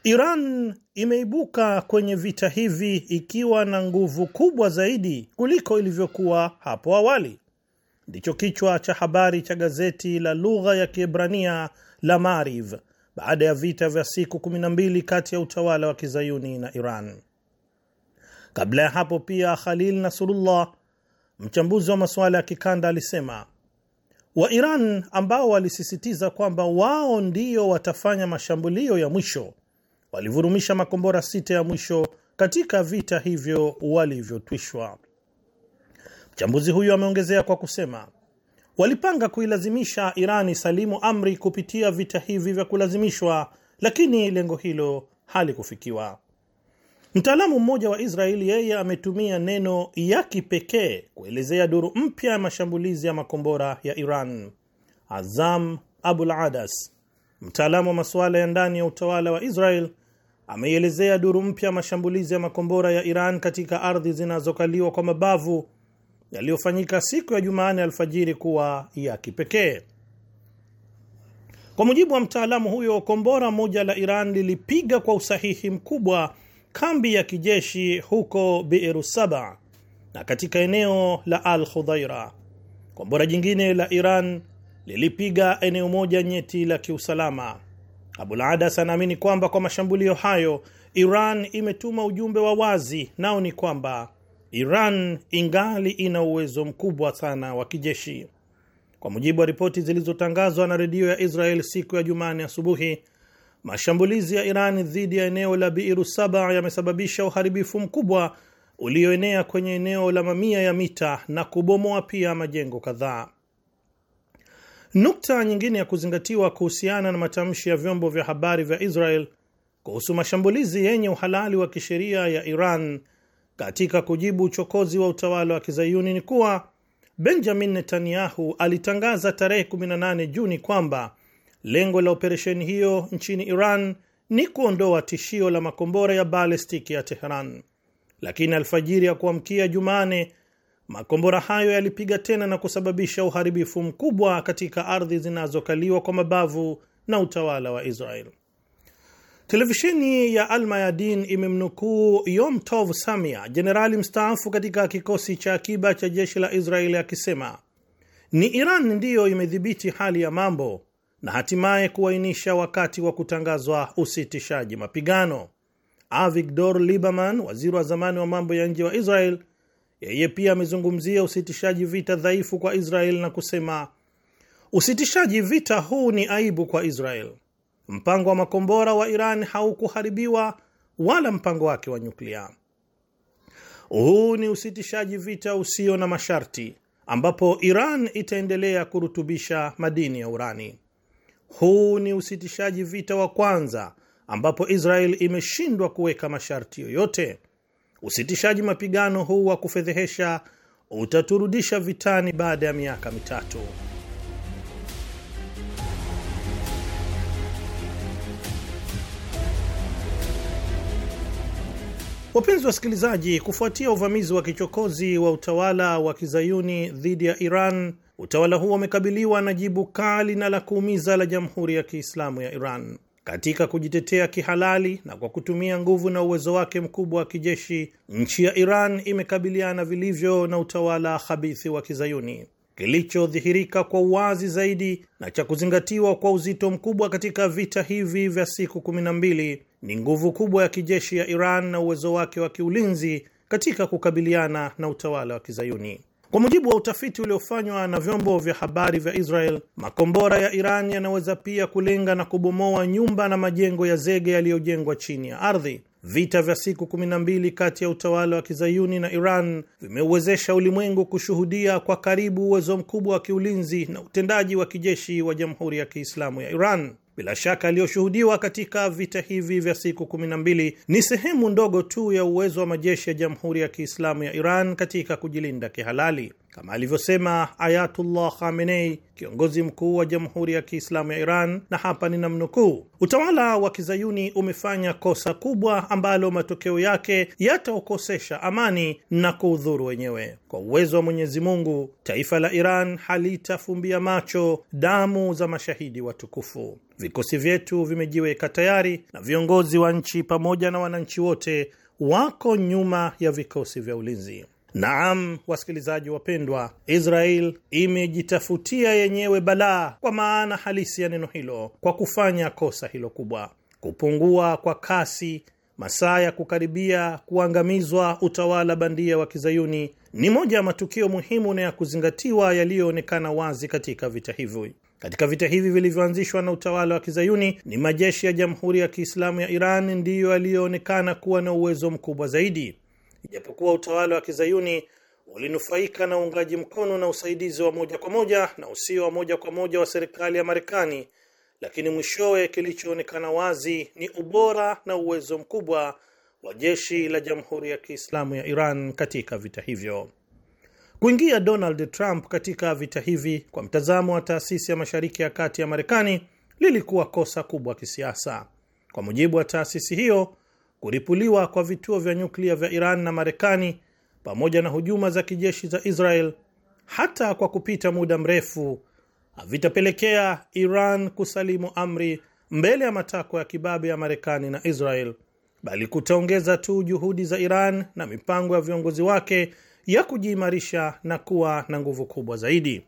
Iran imeibuka kwenye vita hivi ikiwa na nguvu kubwa zaidi kuliko ilivyokuwa hapo awali, ndicho kichwa cha habari cha gazeti la lugha ya Kiebrania la Maariv baada ya vita vya siku 12 kati ya utawala wa kizayuni na Iran. Kabla ya hapo pia, Khalil Nasrullah, mchambuzi wa masuala ya kikanda, alisema wa Iran ambao walisisitiza kwamba wao ndio watafanya mashambulio ya mwisho walivurumisha makombora sita ya mwisho katika vita hivyo walivyotwishwa. Mchambuzi huyo ameongezea kwa kusema walipanga kuilazimisha Irani salimu amri kupitia vita hivi vya kulazimishwa, lakini lengo hilo halikufikiwa. Mtaalamu mmoja wa Israeli yeye ametumia neno ya kipekee kuelezea duru mpya ya mashambulizi ya makombora ya Iran. Azam Abul Adas, mtaalamu wa masuala ya ndani ya utawala wa Israel, ameielezea duru mpya mashambulizi ya makombora ya Iran katika ardhi zinazokaliwa kwa mabavu yaliyofanyika siku ya Jumanne alfajiri kuwa ya kipekee. Kwa mujibu wa mtaalamu huyo, kombora moja la Iran lilipiga kwa usahihi mkubwa kambi ya kijeshi huko Biru Saba na katika eneo la Al Khudhaira. Kombora jingine la Iran lilipiga eneo moja nyeti la kiusalama. Abul Adas anaamini kwamba kwa mashambulio hayo Iran imetuma ujumbe wa wazi, nao ni kwamba Iran ingali ina uwezo mkubwa sana wa kijeshi. Kwa mujibu wa ripoti zilizotangazwa na redio ya Israel siku ya Jumani asubuhi, mashambulizi ya Iran dhidi ya eneo la Biru Saba yamesababisha uharibifu mkubwa ulioenea kwenye eneo la mamia ya mita na kubomoa pia majengo kadhaa. Nukta nyingine ya kuzingatiwa kuhusiana na matamshi ya vyombo vya habari vya Israel kuhusu mashambulizi yenye uhalali wa kisheria ya Iran katika kujibu uchokozi wa utawala wa kizayuni ni kuwa Benjamin Netanyahu alitangaza tarehe 18 Juni kwamba lengo la operesheni hiyo nchini Iran ni kuondoa tishio la makombora ya balestiki ya Teheran, lakini alfajiri ya kuamkia Jumane Makombora hayo yalipiga tena na kusababisha uharibifu mkubwa katika ardhi zinazokaliwa kwa mabavu na utawala wa Israel. Televisheni ya Almayadin imemnukuu Yom Tov Samia, jenerali mstaafu katika kikosi cha akiba cha jeshi la Israeli, akisema ni Iran ndiyo imedhibiti hali ya mambo na hatimaye kuainisha wakati wa kutangazwa usitishaji mapigano. Avigdor liberman waziri wa zamani wa mambo ya nje wa Israel, yeye pia amezungumzia usitishaji vita dhaifu kwa Israel na kusema usitishaji vita huu ni aibu kwa Israel. Mpango wa makombora wa Iran haukuharibiwa wala mpango wake wa nyuklia. Huu ni usitishaji vita usio na masharti, ambapo Iran itaendelea kurutubisha madini ya urani. Huu ni usitishaji vita wa kwanza ambapo Israel imeshindwa kuweka masharti yoyote Usitishaji mapigano huu wa kufedhehesha utaturudisha vitani baada ya miaka mitatu. Wapenzi wasikilizaji, kufuatia uvamizi wa kichokozi wa utawala wa kizayuni dhidi ya Iran, utawala huo umekabiliwa na jibu kali na la kuumiza la Jamhuri ya Kiislamu ya Iran katika kujitetea kihalali na kwa kutumia nguvu na uwezo wake mkubwa wa kijeshi, nchi ya Iran imekabiliana vilivyo na utawala habithi wa Kizayuni. Kilichodhihirika kwa uwazi zaidi na cha kuzingatiwa kwa uzito mkubwa katika vita hivi vya siku kumi na mbili ni nguvu kubwa ya kijeshi ya Iran na uwezo wake wa kiulinzi katika kukabiliana na utawala wa Kizayuni. Kwa mujibu wa utafiti uliofanywa na vyombo vya habari vya Israel, makombora ya Iran yanaweza pia kulenga na kubomoa nyumba na majengo ya zege yaliyojengwa chini ya ardhi. Vita vya siku 12 kati ya utawala wa kizayuni na Iran vimeuwezesha ulimwengu kushuhudia kwa karibu uwezo mkubwa wa kiulinzi na utendaji wa kijeshi wa Jamhuri ya Kiislamu ya Iran. Bila shaka aliyoshuhudiwa katika vita hivi vya siku 12 ni sehemu ndogo tu ya uwezo wa majeshi ya Jamhuri ya Kiislamu ya Iran katika kujilinda kihalali kama alivyosema Ayatullah Khamenei, kiongozi mkuu wa Jamhuri ya Kiislamu ya Iran, na hapa ninamnukuu: utawala wa kizayuni umefanya kosa kubwa ambalo matokeo yake yataokosesha amani na kuudhuru wenyewe. Kwa uwezo wa Mwenyezi Mungu, taifa la Iran halitafumbia macho damu za mashahidi watukufu. Vikosi vyetu vimejiweka tayari na viongozi wa nchi pamoja na wananchi wote wako nyuma ya vikosi vya ulinzi. Naam, wasikilizaji wapendwa, Israel imejitafutia yenyewe balaa kwa maana halisi ya neno hilo, kwa kufanya kosa hilo kubwa, kupungua kwa kasi masaa ya kukaribia kuangamizwa utawala bandia wa kizayuni ni moja ya matukio muhimu na ya kuzingatiwa yaliyoonekana wazi katika vita hivi. Katika vita hivi vilivyoanzishwa na utawala wa kizayuni, ni majeshi ya Jamhuri ya Kiislamu ya Iran ndiyo yaliyoonekana kuwa na uwezo mkubwa zaidi, Ijapokuwa utawala wa kizayuni ulinufaika na uungaji mkono na usaidizi wa moja kwa moja na usio wa moja kwa moja wa serikali ya Marekani, lakini mwishowe kilichoonekana wazi ni ubora na uwezo mkubwa wa jeshi la Jamhuri ya Kiislamu ya Iran katika vita hivyo. Kuingia Donald Trump katika vita hivi kwa mtazamo wa taasisi ya Mashariki ya Kati ya Marekani lilikuwa kosa kubwa kisiasa. Kwa mujibu wa taasisi hiyo, kuripuliwa kwa vituo vya nyuklia vya Iran na Marekani pamoja na hujuma za kijeshi za Israel, hata kwa kupita muda mrefu, havitapelekea Iran kusalimu amri mbele ya matakwa ya kibabe ya Marekani na Israel, bali kutaongeza tu juhudi za Iran na mipango ya viongozi wake ya kujiimarisha na kuwa na nguvu kubwa zaidi.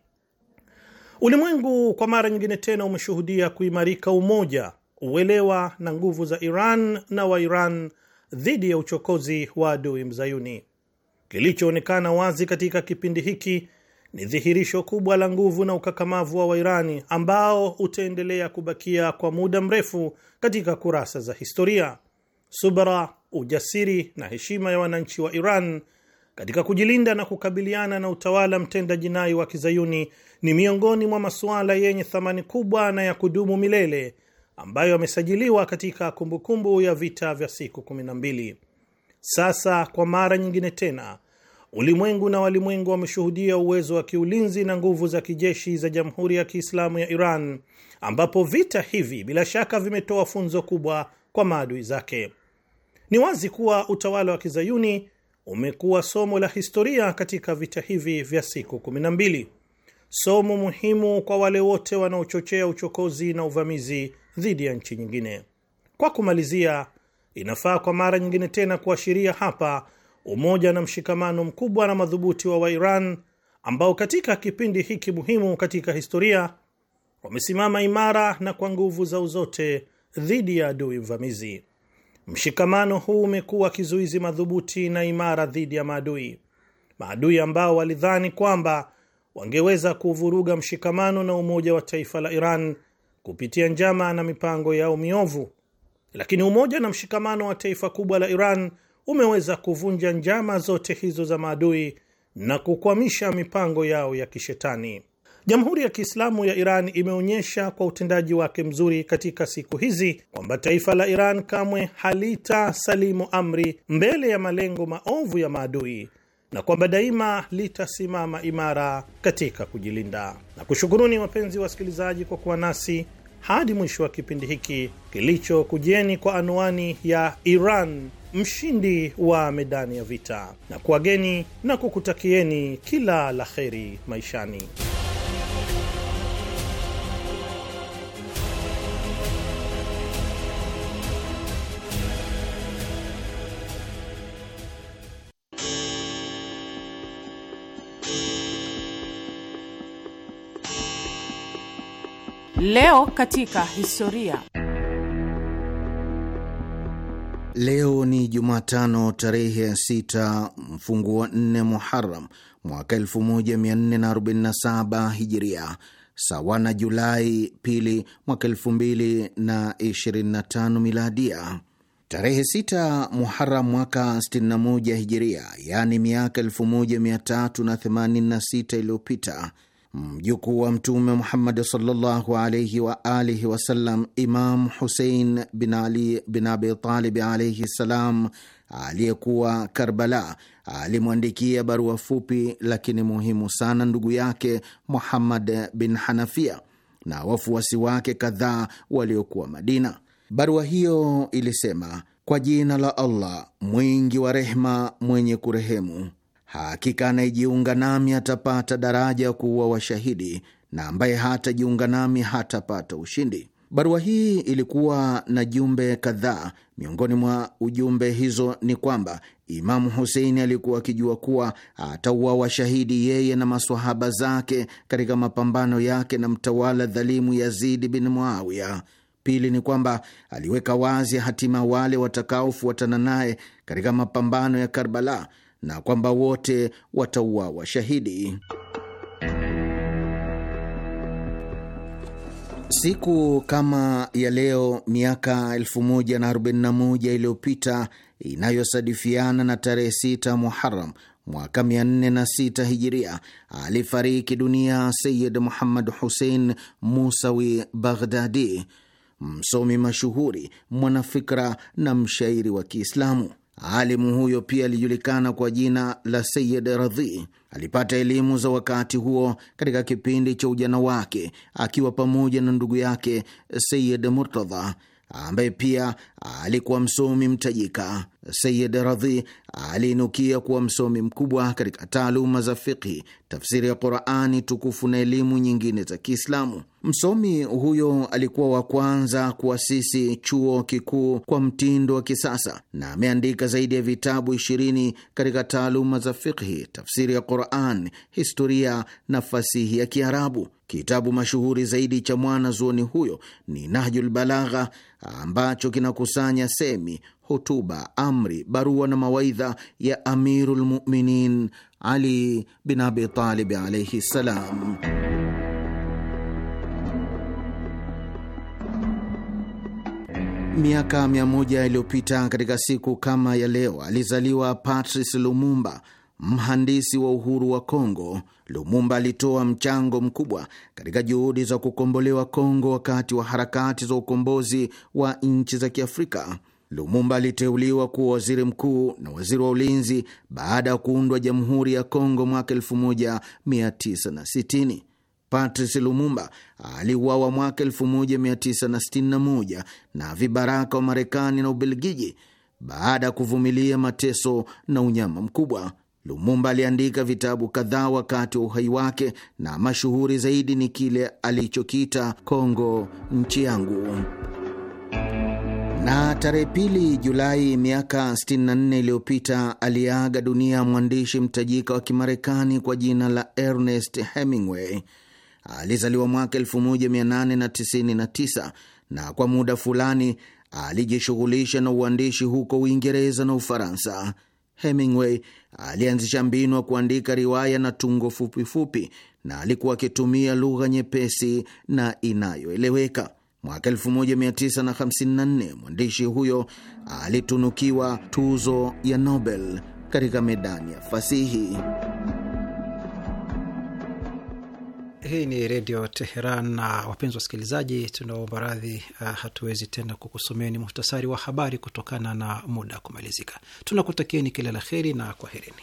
Ulimwengu kwa mara nyingine tena umeshuhudia kuimarika umoja uelewa na nguvu za Iran na Wairan dhidi ya uchokozi wa adui mzayuni. Kilichoonekana wazi katika kipindi hiki ni dhihirisho kubwa la nguvu na ukakamavu wa Wairani ambao utaendelea kubakia kwa muda mrefu katika kurasa za historia. Subra, ujasiri na heshima ya wananchi wa Iran katika kujilinda na kukabiliana na utawala mtenda jinai wa kizayuni ni miongoni mwa masuala yenye thamani kubwa na ya kudumu milele ambayo yamesajiliwa katika kumbukumbu kumbu ya vita vya siku 12. Sasa kwa mara nyingine tena ulimwengu na walimwengu wameshuhudia uwezo wa kiulinzi na nguvu za kijeshi za Jamhuri ya Kiislamu ya Iran, ambapo vita hivi bila shaka vimetoa funzo kubwa kwa maadui zake. Ni wazi kuwa utawala wa kizayuni umekuwa somo la historia katika vita hivi vya siku 12, somo muhimu kwa wale wote wanaochochea uchokozi na uvamizi dhidi ya nchi nyingine. Kwa kumalizia, inafaa kwa mara nyingine tena kuashiria hapa umoja na mshikamano mkubwa na madhubuti wa Wairan ambao katika kipindi hiki muhimu katika historia wamesimama imara na kwa nguvu zao zote dhidi ya adui mvamizi. Mshikamano huu umekuwa kizuizi madhubuti na imara dhidi ya maadui, maadui ambao walidhani kwamba wangeweza kuvuruga mshikamano na umoja wa taifa la Iran kupitia njama na mipango yao miovu, lakini umoja na mshikamano wa taifa kubwa la Iran umeweza kuvunja njama zote hizo za maadui na kukwamisha mipango yao ya kishetani. Jamhuri ya Kiislamu ya Iran imeonyesha kwa utendaji wake mzuri katika siku hizi kwamba taifa la Iran kamwe halita salimu amri mbele ya malengo maovu ya maadui na kwamba daima litasimama imara katika kujilinda. Na kushukuruni wapenzi wasikilizaji kwa kuwa nasi hadi mwisho wa kipindi hiki kilichokujieni kwa anwani ya Iran mshindi wa medani ya vita, na kuwageni na kukutakieni kila la kheri maishani. Leo katika historia. Leo ni Jumatano tarehe ya sita mfungu wa nne Muharam mwaka 1447 Hijiria, sawa na Julai pili mwaka 2025 Miladia. Tarehe sita Muharam mwaka 61 Hijiria, yaani miaka 1386 iliyopita mjukuu wa Mtume Muhammad sallallahu alaihi wa alihi wasallam, Imam Husein bin Ali bin Abitalib alaihi ssalam, aliyekuwa Karbala, alimwandikia barua fupi lakini muhimu sana ndugu yake Muhammad bin Hanafia na wafuasi wake kadhaa waliokuwa Madina. Barua hiyo ilisema: kwa jina la Allah mwingi wa rehma mwenye kurehemu Hakika anayejiunga nami atapata daraja ya kuua washahidi na ambaye hatajiunga nami hatapata ushindi. Barua hii ilikuwa na jumbe kadhaa. Miongoni mwa ujumbe hizo ni kwamba Imamu Huseini alikuwa akijua kuwa atauawa washahidi yeye na maswahaba zake katika mapambano yake na mtawala dhalimu Yazidi bin Muawiya. Pili ni kwamba aliweka wazi hatima wale watakaofuatana naye katika mapambano ya Karbala na kwamba wote watauawa shahidi. Siku kama ya leo miaka 1041 iliyopita inayosadifiana na tarehe 6 Muharam mwaka 406 Hijiria, alifariki dunia Sayid Muhammad Husein Musawi Baghdadi, msomi mashuhuri, mwanafikra na mshairi wa Kiislamu. Alimu huyo pia alijulikana kwa jina la Sayid Radhi. Alipata elimu za wakati huo katika kipindi cha ujana wake akiwa pamoja na ndugu yake Sayid Murtadha ambaye pia alikuwa msomi mtajika. Sayid Radhi aliinukia kuwa msomi mkubwa katika taaluma za fiqhi, tafsiri ya Qurani tukufu na elimu nyingine za Kiislamu. Msomi huyo alikuwa wa kwanza kuasisi chuo kikuu kwa mtindo wa kisasa na ameandika zaidi ya vitabu ishirini katika taaluma za fiqhi, tafsiri ya Quran, historia na fasihi ya Kiarabu. Kitabu mashuhuri zaidi cha mwana zuoni huyo ni Nahjul Balagha ambacho kinakusanya semi, hotuba, amri, barua na mawaidha ya amirulmuminin Ali bin Abitalib alaihi ssalam. Miaka mia moja iliyopita katika siku kama ya leo alizaliwa Patrice Lumumba, mhandisi wa uhuru wa Kongo. Lumumba alitoa mchango mkubwa katika juhudi za kukombolewa Kongo wakati wa harakati za ukombozi wa nchi za Kiafrika. Lumumba aliteuliwa kuwa waziri mkuu na waziri wa ulinzi baada ya kuundwa jamhuri ya Kongo mwaka 1960. Patrice Lumumba aliuawa mwaka 1961 na vibaraka wa Marekani na Ubelgiji baada ya kuvumilia mateso na unyama mkubwa. Lumumba aliandika vitabu kadhaa wakati wa uhai wake na mashuhuri zaidi ni kile alichokiita Kongo nchi yangu. Na tarehe pili Julai miaka 64 iliyopita aliaga dunia mwandishi mtajika wa Kimarekani kwa jina la Ernest Hemingway. Alizaliwa mwaka 1899 na kwa muda fulani alijishughulisha na uandishi huko Uingereza na Ufaransa. Hemingway alianzisha mbinu ya kuandika riwaya na tungo fupifupi fupi, na alikuwa akitumia lugha nyepesi na inayoeleweka. Mwaka 1954 mwandishi huyo alitunukiwa tuzo ya Nobel katika medani ya fasihi. Hii ni Redio Teheran na wapenzi wasikilizaji, tunaomba radhi, uh, hatuwezi tena kukusomeni muhtasari wa habari kutokana na muda kumalizika. Tunakutakieni kila la heri na kwaherini.